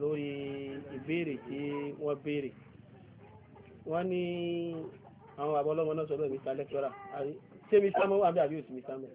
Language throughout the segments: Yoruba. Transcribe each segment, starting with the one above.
lórí ìbéèrè tí wọ́n béèrè wọ́n ní àwọn bàbá ọlọ́mọ náà sọ̀rọ̀ mr lecturer ṣé mr mọ́ àbí àbí òsì mr mọ́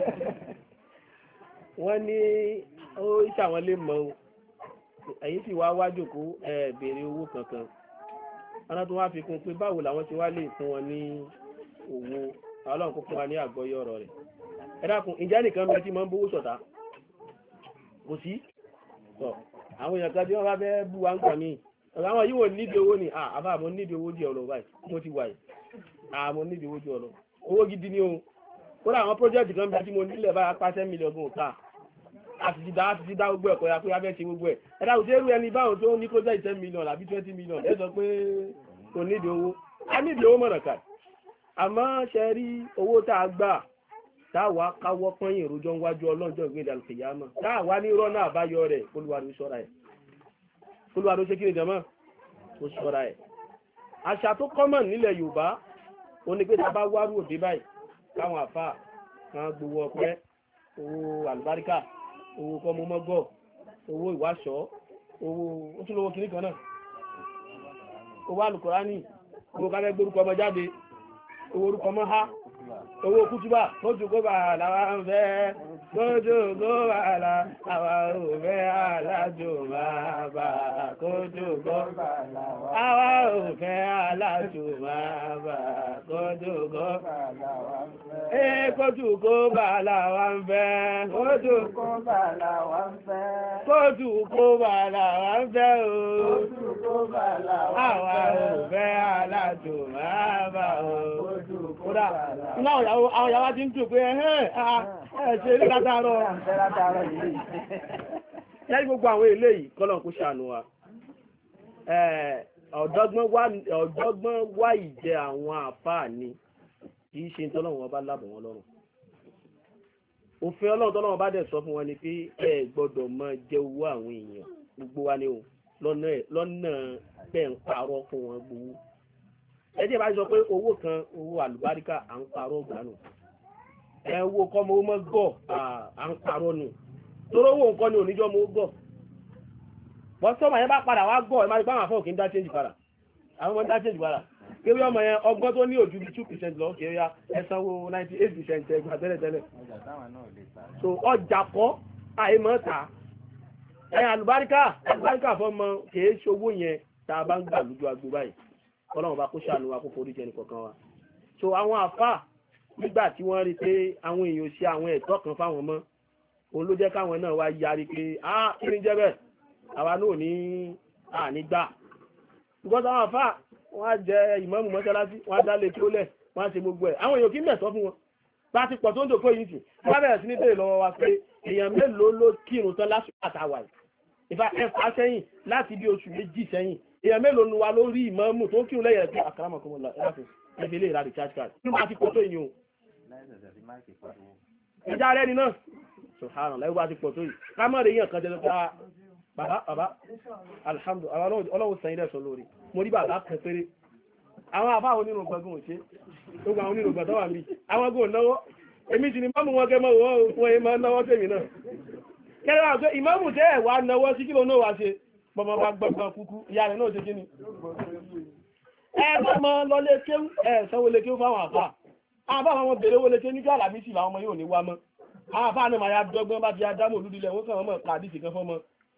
wọ́n ní ó ṣàwọn lè mọ̀ o èyí sì wá wá jókòó ẹ béèrè owó kankan ọ̀nà tó wá fi kún pé báwo làwọn ti wá lè fún wọn ní òwò ọlọ́run kó fún wa ní àgbọ́yé ọ̀rọ̀ rẹ̀ ẹ dákun ìjẹ́ nìkan bí ẹ ti máa ń bówó sọ̀tà kò sí sọ àwọn èèyàn kan tí wọ́n bá fẹ́ bú wa ń kàn mí àwọn yìí wò nídìí owó ni àbá àmọ́ nídìí owó díẹ̀ ọ̀rọ̀ báyìí mo ti wà yìí àmọ́ nídìí owó díẹ̀ ọ̀rọ̀ owó gidi ni o kódà àwọn project kan bí i tí mo nílẹ̀ báyà pàṣẹ mílíọ̀n gan ká àti ti dá àti ti dá gbogbo ẹ̀kọ́ ya pé a fẹ́ ṣe gbogbo ẹ̀ ẹ̀dá kò sẹ́rù ẹni báwọn tó ní project ten million àbí twenty million ẹ sọ pé kò nídìí owó a nídìí owó mọ̀nà kà àmọ́ ṣe rí owó tá a gbà táwa káwọ́ pọ́nyìn rojọ́ níwájú ọlọ́jọ́ ìgbéde àlùkìyàmọ̀ táwa ní rọ́nà àbáyọ rẹ̀ olùwàdó ṣọ́ra ẹ̀ olùwàdó ṣe kíni jẹ́mọ́ ó ṣọ́ra ẹ̀ àṣà tó kọ́mọ̀ nílẹ̀ Yorùbá ó ní pé tá a bá wárú òde báyìí káwọn àfà kan gbowó ọpẹ́ owó àlùbáríkà owó kọ́mọmọ́gọ́ owó ìwáṣọ owó ó tún lówó kiri kan náà owó àlùkùránì owó káfẹ́ gbórúkọ ọmọ jáde owó orúkọ ọmọ owó kútúbà lójú kó bá àlàwà ń fẹ́ lójú kó bá àlàwà ò fẹ́ alájò máa bá kójú gọ́bà làwà. Àwa ò fẹ́ aláṣùmáàbà kójú gọ́bà ń fẹ́. Ee kójú gọ́bà ń fẹ́. Kójú gọ́bà làwà ń fẹ́. o. Kójú gọ́bà làwà ń o. Kójú gọ́bà Àwọn ìyàwó ti ń dùn pé ẹ̀hẹ́ ẹ̀ṣẹ̀ rí látàárọ̀. Lẹ́yìn gbogbo àwọn eléyìí kọ́lọ̀ kó ṣàánú wa. Eh, ọ̀dọ́gbọ́n wá ìjẹ àwọn àfáà ni kì í ṣe ní tọ́lọ́run wọn bá lábọ̀ wọn lọ́rùn òfin ọlọ́run tọ́lọ́run bá dẹ̀ sọ fún wọn ni pé ẹ gbọ́dọ̀ máa jẹ owó àwọn èèyàn gbogbo wa ni o lọ́nà bẹ́ẹ̀ ń parọ́ fún wọn gbowó ẹ jẹ́ bá sọ pé owó kan owó àlùbáríkà à ń parọ́ gbànú ẹ wo kọ́ mo mọ́ gọ̀ à ń parọ́ nù torí nǹkan ni oníjọ́ mo gọ̀ kọ́sọ́mà yẹn bá padà wá gọ̀ ẹ̀ máa rí pé àwọn afọ́ òkè ń dá change padà àwọn ọmọ dá change padà kébí ọmọ yẹn ọgbọ́n tó ní òjú bí two percent lọ kéré ya ẹ̀sánwó ninety eight percent ẹgbà tẹ́lẹ̀ so ọjà kọ́ àìmọ́ ta ẹ̀yìn àlùbáríkà àlùbáríkà fọmọ kèé ṣowó yẹn tá a bá ń gbà lójú agbo báyìí ọlọ́run bá kó ṣàánú wa kó forí jẹ nìkọ̀ọ̀kan wa so àwọn àfà nígbà tí wọ́n rí pé àwọn èèyàn ṣe àwọn ẹ̀tọ́ kan fáwọn mọ́ òun ló jẹ́ káwọn náà wá yarí pé ah kí ni jẹ́ bẹ́ẹ̀ àwa náà ní ànígbà gbọ́dọ̀ àwọn àfà wọ́n á jẹ ìmáàmù mọ́ṣáláṣí wọ́n á dálé kí ó lẹ̀ wọ́n á ṣe gbogbo ẹ̀ àwọn èèyàn kì í mẹ̀sọ́ fún wọn bá ti pọ̀ tó ń dòkó yìí sì wọ́n bẹ̀rẹ̀ sí ní bèrè lọ́wọ́ wa pé èèyàn mélòó ló kírun tán lásìkò àtàwà yìí ìfà ẹ̀fà sẹ́yìn láti bí oṣù méjì sẹ́yìn èèyàn mélòó nu wa ló rí ìmáàmù tó kírun lẹ́yìn ẹ̀ pé àkàràmọ̀ kọ́mọ ẹ̀fẹ̀ lè ra recharge card nínú bá ti pọ̀ tó yìí o ìjà rẹ̀ ni náà sọ̀hánà lẹ́wọ́ bá ti pọ̀ tó yìí bàbá bàbá alhamdulillah ọlọ́wọ́ sàn ilẹ̀ sọ lórí mo rí bàbá kan péré àwọn àbá onírò gbọ́gbọ́n òṣè gbogbo àwọn onírò gbọ́dọ̀ wà mí àwọn gbò náwó èmi ti ni mọ́mù wọn kẹ́ mọ́ wọ́n fún ẹ máa náwó tèmi náà kẹrẹ àgbẹ̀ ìmọ̀mù tẹ́ ẹ̀ wá náwó sí kílò náà wá ṣe pọmọ bá gbọ́gbọ́n kúkú ìyá rẹ̀ ṣe kí ni ẹ bá mọ lọ lé kéwú ẹ àwọn bèrè owó lé kéwú ní àwọn àfà náà máa ya dọ́gbọ́n bá ti ya dámò lúdílẹ̀ wọ́n kàn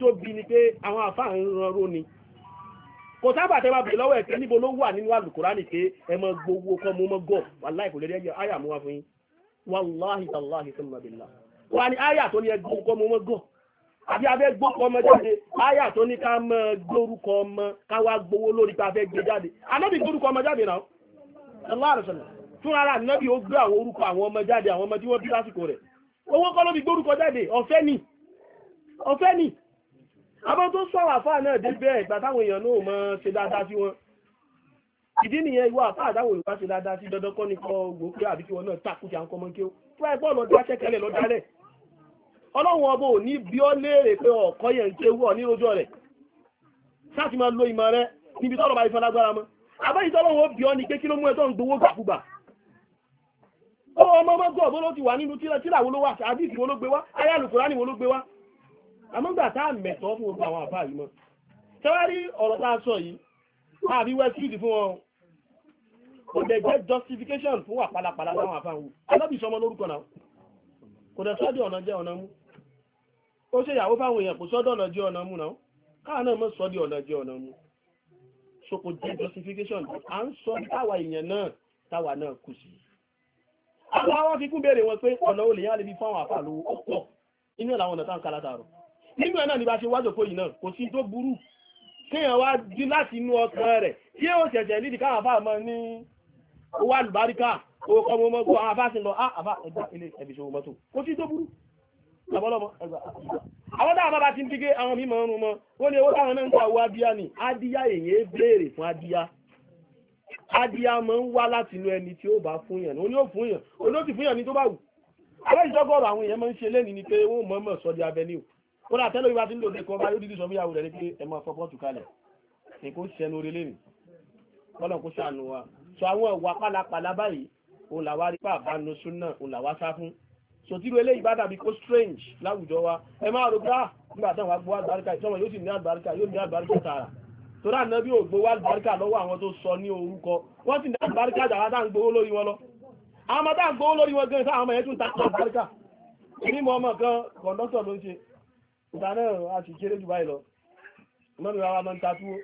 tó bí ni pé àwọn àfáà ń ranró ni kò sábà tẹ́ bèèrè lọ́wọ́ ẹ̀kẹ́ níbo ló wà nínú àlùkùránì pé ẹ mọ gbowó kọ́ mọ́ gọ̀ kò lè rí ẹyẹ wa fún yín wàláì tàláì tó mọ̀ bìlá wà ní àyà tó ní ẹgbó kọ́ mú mọ́ gọ̀ àbí abẹ́ gbó kọ́ jáde àyà tó ní ká gbórúkọ káwá gbowó lórí pé abẹ́ gbé jáde anábì gbórúkọ jáde náà ara ó gbé àwọn abọ́ tó sọ̀rọ̀ àfáà náà dé bẹ́ẹ̀ ìgbà táwọn èèyàn náà mọ́ ṣe dáadáa sí wọn ìdí nìyẹn ìwọ àfáà táwọn olùkọ́ ṣe dáadáa sí dandan kọ́ nìkan ògbó pé àbí tiwọn náà takùtì àwọn ọmọ kí ó tíwáì pọ̀ lọ dáṣẹ́ kẹlẹ̀ lọ dálẹ̀ ọlọ́run ọba ò ní bí ọ léèrè pé ọ̀kọ́ yẹn ń ké wú ọ ní rojọ́ rẹ̀ sáà ti máa lo ìmọ̀ rẹ níbi tọ́rọ̀ bá ifá lágbára mọ́ àbẹ́yìí tọ́lọ́run ó bí ọ ní pé kí ló mú ẹ tó ń gbowó gbàkúgbà ó ọmọ ọmọ gbọ́ ọ̀bọ́ ló ti wà nínú tíra tíra wo ló wà àdìsí wo ló gbé wá ayé àlùkùránì wo ló gbé wá àmọ́gbà tá mẹ̀tọ́ fún gbogbo àwọn àbá yìí mọ́ tẹ́wárí ọ̀rọ̀ tá a sọ yìí àbí westfield fún wọn kò dẹ̀ jẹ́ justification fún wà pálapàla láwọn àbá wọn alábìsọ ọmọ lórúkọ náà kò dẹ̀ sọ́dọ̀ ọ̀nà jẹ́ ọ̀nà mú ó ṣe ìyàwó fáwọn èèyàn kò sọ́dọ̀ ọ̀nà jẹ́ ọ̀nà mú náà káà náà mọ́ sọ́dọ̀ ọ̀nà jẹ́ ọ̀nà mú so kò jẹ́ justification à ń sọ táwa èèyàn náà táwa náà kù sí àwọn àwọn fi kún béèrè wọn pé ọ̀nà olè yẹn á lè fi fáwọn àfà lówó ó pọ̀ inú ẹ̀ làwọn ọ̀nà táwọn kálátà rọ̀ nínú ẹ̀ náà ni bá ṣe wájò kó yìí náà kò sí tó burú kéèyàn wá dí láti inú ọkàn rẹ̀ tí ó ṣẹ̀ṣẹ̀ nídìí káwọn àbá mọ́ ní owó àlùbáríkà owó kọ́ mọ́ kó àwọn afásin lọ ah, àbá ẹgbà ilé ẹbí ṣòwò mọ́tò kò sí tó burú àbọ́lọ́mọ ẹgbà àwọn táwọn bá bá ti ń dígé àwọn mímọ̀ ọrùn mọ́ ó ní owó táwọn náà ń ta owó adíyá ni adíyá èyí béèrè fún adíyá adíyá máa ń wá láti inú ẹni tí ó bá fún yàn ó ní ó fún yàn ó kódà tẹ́lẹ̀ ìbá ti ń lò ní kọba yóò dídí sọ fíyàwó rẹ̀ ní pé ẹ máa fọpọ́ tùkalẹ̀ ní kó ṣẹnu orí lẹ́nu kọ́lọ̀ kó ṣàánú wa sọ àwọn ìwà pálapàla báyìí òun làwa rí pà bá súnà òun làwa sá fún sòtírú eléyìí bá dàbí kó strange láwùjọ wa ẹ máa rògbà ah, nígbà táwọn agbó àgbáríkà ìtọ́mọ yóò sì ní àgbáríkà yóò ní àgbáríkà tààrà torí ànábì ò gbowó àlùbáríkà lọ́wọ́ àwọn tó sọ ní orúkọ wọ́n sì ní àlùbáríkà àjàwá tá à ń gbowó lórí wọn lọ àwọn ọmọ tá à ń gbowó lórí wọn gan sáà ọmọ yẹn tún ta àlùbáríkà èmi mọ ọmọ kan kọ̀ńdọ́tọ̀ ló ń ṣe ìgbà náà a ti kéré jù báyìí lọ mọ́nù wa máa ń ta túwó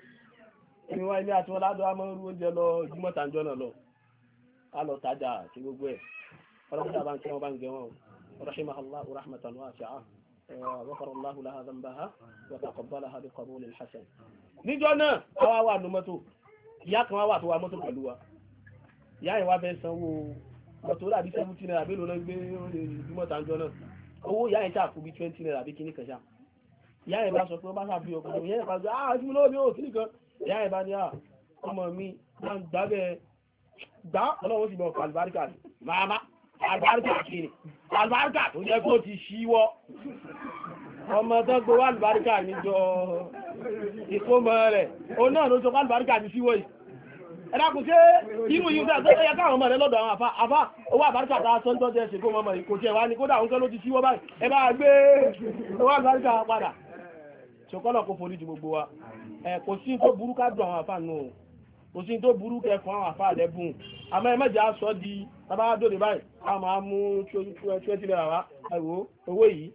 èmi wá ilé àti wọn ládọ́ a máa ń rú oúnjẹ lọ ìjúmọ́ tàǹjọ́ náà lọ a lọ tajà sí gbogbo ẹ̀ ọlọ́pàá bá ń kí wọn bá ń gẹ wọn رحمها الله رحمة واسعة وغفر الله لها ذنبها وتقبلها بقبول حسن níjọ́ náà àwa wà nínú mọ́tò ìyá kan wá wà tó wa mọ́tò pẹ̀lú wa ìyá yẹn wá fẹ́ sanwó mọ́tò rà bí seventy naira bí lónà gbé ojúmọ́ tàǹjọ́ náà owó ìyá yẹn ṣàkú twenty naira bí kíní kan ṣáà ìyá ẹ̀ bá sọ pé ó bá sàbí ọkùnrin ìyá ẹ̀ bá sọ ah ojú lóbi ò kíní kan ìyá ẹ̀ bá ní ah ọmọ mi máa ń gbábẹ́ gbá ọlọ́wọ́ sì bọ̀ àlùbáríkà ni màmá àlùbáríkà kí ni àlùbáríkà tó yẹ kó ti ṣíwọ́ ọmọ tó gbowó àlùbáríkà níjọ ìkómọ rẹ̀ òun náà ló sọ pé àlùbáríkà ti ṣíwọ́ yìí ẹ̀dàkùn ṣe inú yìí fẹ́ ẹ̀yẹ káwọn ọmọ rẹ̀ lọ́dọ̀ àwọn àfá àfá owó àbáríkà tàà sọ́ńtọ́ jẹ́ ṣe fún ọmọ ìkòjẹ́ wa ní kódà òun kẹ́ ló ti síwọ́ báyìí ẹ bá gbé owó àbáríkà padà ṣokọ́lọ̀ kó forí ju gbogbo wa kò sí tó burú ká dùn àwọn àfáà nù kò sí tó burú kẹ fún àwọn àfáà lẹ́bùn àmọ́ ẹ mẹ́jẹ̀ aṣọ di bàbá wa dòde báyìí a máa mú twenty naira wa ẹ̀wò owó yìí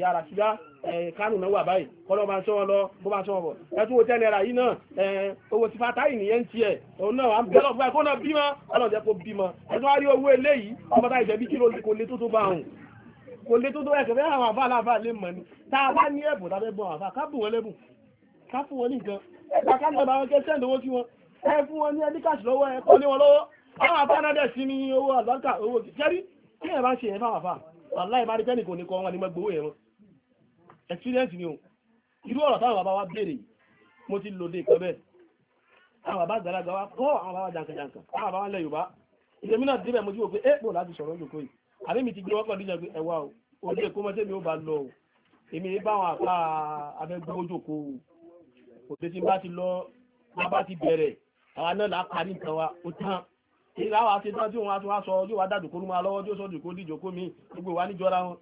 yàrá síbá kánù náà wà báyìí kọ́lọ́ máa ń sọ́wọ́ lọ bó máa ń sọ́wọ́ bọ̀ ẹ tún wo ten naira yìí náà owó ti fata yìí nìyẹn ti ẹ̀ òun náà wà ń bẹ́ẹ̀ lọ́gbà kó náà bímọ ọlọ́jẹ́ kó bímọ ẹ tún wá rí owó eléyìí ọmọ táyì jẹ̀bi kí ló lè tó tó bá òun kò lè tó tó ẹ̀kẹ́ bẹ́ẹ̀ àwọn àfà aláfà lè mọ̀ ni tá ní ẹ̀bùn lábẹ́ bọ́ àfà ká wọn lẹ́bùn ká wọn ní nǹkan wọn kẹ́ sẹ́ǹd owó sí wọn ẹ fún wọn ní ẹni káàsì lọ́wọ́ ẹ kọ́ lé wọn lọ́wọ́ àwọn àfà náà dẹ̀ sí ní owó àlọ́kà owó jẹ́rí kí ẹ bá ṣe ẹ̀ fáwọn wàláì bá rí pẹ́ẹ́nì kò ní kọ́ wọn ni mo gbowó yẹn wọn ni o irú ọ̀rọ̀ táwọn bàbá wa béèrè mo ti lòdì ìkan bẹ́ẹ̀ àwọn bàbá àgbàlagbà wa kọ́ àwọn bàbá jàǹkàjàǹkà àwọn bàbá ńlẹ̀ Yorùbá ìdèmínà débẹ̀ mo ti wò pé ẹ̀ eh, pò láti sọ̀rọ̀ yòókù yìí àbí mi ti gbé wọ́pọ̀ níjà pé ẹ̀wà o ojú èkó mọ́ tẹ́mi ó bá lọ èmi ní báwọn àpá abẹ́gbọ́jòkó òde tí bá ti lọ bá ti bẹ̀rẹ̀ àwọn náà là á parí nǹkan wa ó tán èyí láwọn àti tán tí wọn á tún wá sọ yóò wá dàdùkú rú máa lọ́wọ́ tí ó sọ dùkú díjòkó mi gbogbo ìwà níjọra wọn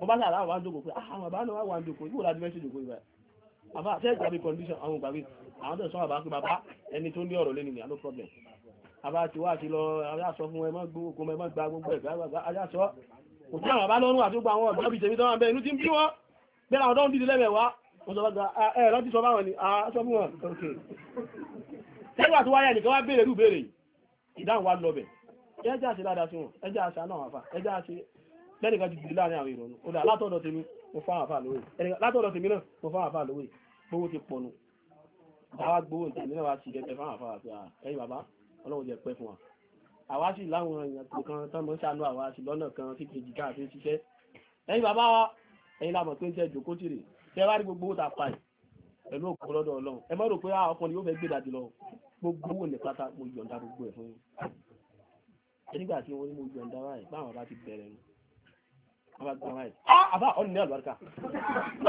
mo bá sàrà àwọn àjòkó pé ah, àwọn àbá náà wà àjòkó yóò láti mẹ́sì dùkú ìgbà àbá àtẹ́ ìgbàgbé condition àwọn ìgbàgbé àwọn tó ń sọ àbá pé bàbá ẹni tó ní ọ̀rọ̀ lé nìyà no problem àbá ti wá àti lọ ayá sọ fún ẹ mọ́ gbogbo ẹ mọ́ gba gbogbo ẹ̀ kò tí bá lọ́rùn àti gbogbo àwọn ọ̀dọ́ tọ́wọ́n bẹ́ inú tí ń bí wọ́n bẹ́ra ọ̀dọ́ ń dìde lẹ́mẹ̀wá ẹ̀rọ ti ah, sọ bá wọn ni aṣọ ah, fún wọn kòkè tẹ́lú àti wáyà nìkan wá béèrè rú béèrè ìdáhùn wá lọ́bẹ̀ ẹjá ṣe dáadáa sí wọn ẹjá ṣe àná àfà ẹjá sí ẹgbẹ́ àwa sì láwọn èèyàn kan tán mọ́ sánú àwa sì lọ́nà kan sí kejì káàfin ṣiṣẹ́ ẹ̀yin bàbá wa ẹ̀yin lámọ̀ pé ń tẹ́ jòkó tìrì tẹ́ bá rí gbogbo owó ta pa ẹ̀ pẹ̀lú òkú lọ́dọ̀ ọlọ́run ẹ mọ́ rò pé àwọn ah, ọkùnrin yóò fẹ́ gbé dàdí lọ gbogbo owó ní pátá mo yọ̀ǹda gbogbo ẹ̀ fún yín nígbà tí wọ́n ní mo yọ̀ǹda báyìí báwọn bá ti bẹ̀rẹ̀ ni wọ́n bá gbọ́n báyìí ah àbá ọ̀nà àlùbáríkà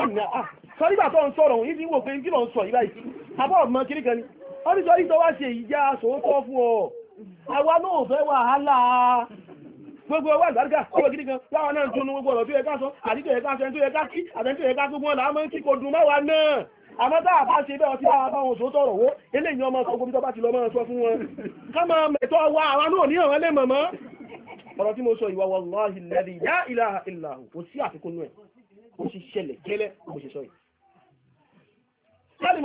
ọ̀nà ah sọ nígbà tó ń sọ̀rọ̀ yìí ti wò pé kí ló ń sọ yìí báyìí àbá ọ̀gbọ́n kiri kan ni ọdún sọ yìí tó wá ṣe ìjà sòótọ́ fún ọ àwa náà fẹ́ wàhálà gbogbo ọwọ́ àgbàríkà ọwọ́ gidi kan láwọn náà tún gbogbo ọ̀rọ̀ tó yẹ ká sọ àdíjọ yẹ ká sọ ẹni tó yẹ ká kí àtẹni tó yẹ ká gbogbo ọ̀là àmọ́ tí kò dùn máa wà náà àmọ́ tá a bá ṣe bẹ́ẹ̀ ọtí bá wọn sọ tọ̀rọ̀ wó eléyìí ọmọ sọ gbogbo bá ti lọ máa sọ fún wọn ká máa mẹ̀tọ́ wa àwa náà ní ọ̀rọ̀ ẹlẹ́mọ̀ mọ́ ọ̀rọ̀ tí mo sọ ìwà wallahi alladhi la ilaha illa hu kò sí àfikún nú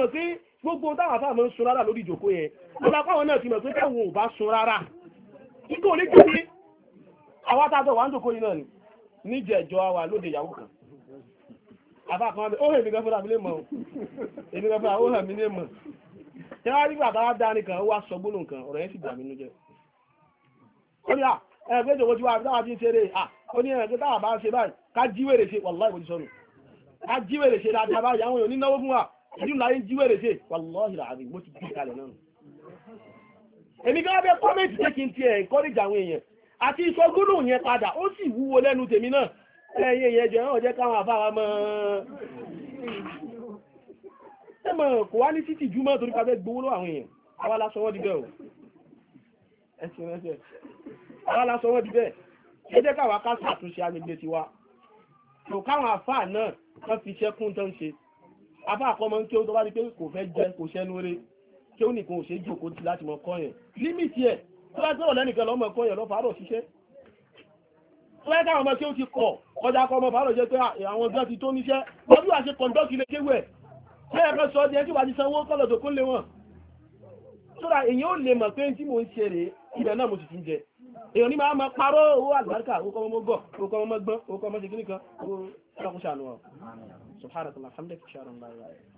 ẹ̀ gbogbo táwọn afá máa ń sun rárá lórí ìjòkó yẹn ọba fáwọn náà ti mọ̀ pé káwọn ò bá sun rárá ikú orí kéde àwọn atájọ wà ń jòkó yìí náà ni níjẹ̀jọ́ àwà lóde ìyàwó kan afá kan wà ó hẹ̀ mí gẹ́fúnra mi lè mọ̀ èmi gẹ́fúnra ó hẹ̀ mí lè mọ̀ tí wọ́n rí bàbá wa dání kan ó wá sọ gbónú nǹkan ọ̀rọ̀ yẹn sì dà mí nú jẹ́ ó ní à ẹgbẹ́ ìjòkó tí wàá táwa ti ń ṣeré à ó ní ẹgbẹ́ táwa bá ń ṣe báyìí ká jíwèrè ṣe wàláì èyí ńlá yín jíwèrè ṣe wàlọ́ọ̀hì làbí mo ti gbé kalẹ̀ náà. èmi gan abẹ́ kọ́mẹ̀tì jẹ́ kí n tiẹ̀ encourage àwọn èèyàn àti ìsọgúnlù yẹn padà ó sì wúwo lẹ́nu tèmi náà ẹ̀yìn èèyàn jẹ́ náà jẹ́ káwọn àfáwà mọ́ ẹ mọ̀ kò wá ní títì júmọ́ torí pa fẹ́ gbowó lọ́wọ́ àwọn èèyàn àwa la sọ wọ́n di bẹ́ẹ̀ o ẹ̀sìn rẹ̀ àwa la sọ wọ́n di bẹ́ẹ̀ ẹ jẹ́ káwa ká ṣàtúnṣe agbègbè tiwa kò káwọn àfáà náà wọ́n fi ṣẹ́kún tó ń ṣe afá àkọ́mọ́ ń kéwú tó bá rí pé kò fẹ́ jẹ kò ṣẹ́nu rẹ̀ kéwú nìkan ò ṣe é jòkó ti láti mọ kọ́ yẹn límìtì ẹ̀ tó bá tẹ́wọ̀ lẹ́nìkan lọ́mọ kọ́ yẹn lọ́fà àrò ṣiṣẹ́ tó bá táwọn ọmọ kéwú ti kọ̀ kọjá kọ́ ọmọ fàárọ̀ jẹ́ pé àwọn gan ti tó níṣẹ́ wọ́n bí wàá ṣe kọ̀ǹdọ́kì lè kéwú ẹ̀ bẹ́ẹ̀ kan sọ ọ́ di ẹ tí wàá ti sanwó kọ́lọ̀ tó kó lé wọn sóra èyàn ò lè mọ̀ pé tí mo ń ṣe rèé ibẹ̀ náà mo sì tún jẹ èyàn ní máa ma parọ́ owó àgbàríkà owó kọ́mọ́mọ́gọ̀ owó kọ́mọ́mọ́gbọ́n owó kọ́mọ́ṣe kíníkan owó ṣàkóṣàánú ọ̀ subhanahu wa ta'ala alhamdulilayi ṣe àrùn láyé